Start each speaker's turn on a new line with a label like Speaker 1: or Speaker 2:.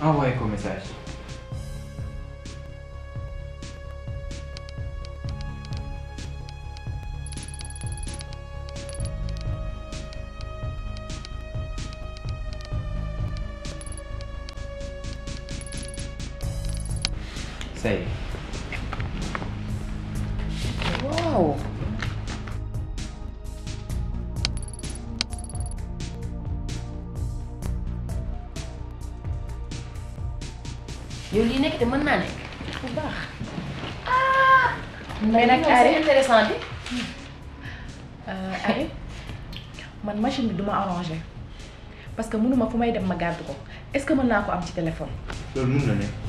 Speaker 1: Ah, vai começar.
Speaker 2: Sei.
Speaker 3: Uau!
Speaker 4: yow lii nekk te mën naa nekk.
Speaker 5: bu baax. ah.
Speaker 4: mais nag Ari intéressant bi. Ari man machine bi duma ma
Speaker 6: arrangé
Speaker 7: parce que mënuma fu may dem ma gàddu ko est-ce que mën naa ko am ci téléphone.
Speaker 8: loolu mën na ne.